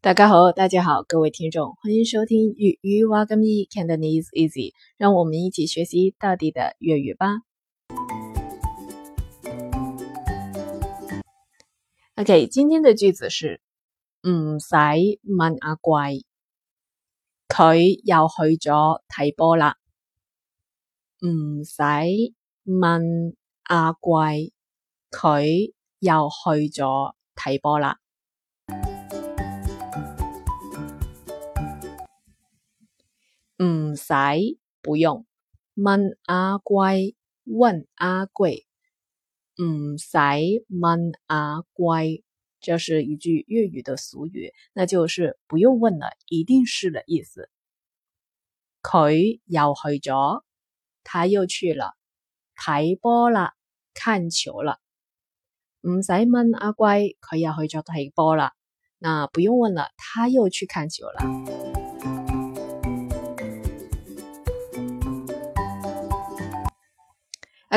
大家好，大家好，各位聽眾，歡迎收聽粵語哇個咪 Cantonese Easy，讓我們一起學習地道的粵語吧。OK，今天的句子是：唔使問阿桂，佢又去咗睇波啦。唔使問阿桂，佢又去咗睇波啦。唔使，不用，問阿桂，問阿桂，唔使問，問阿桂，這是一句粵語的俗語，那就是不用問了，一定是的意思。佢又去咗，他又去了睇波啦，看球啦，唔使問阿桂，佢又去咗睇波啦，那不用問了，他又去看球了。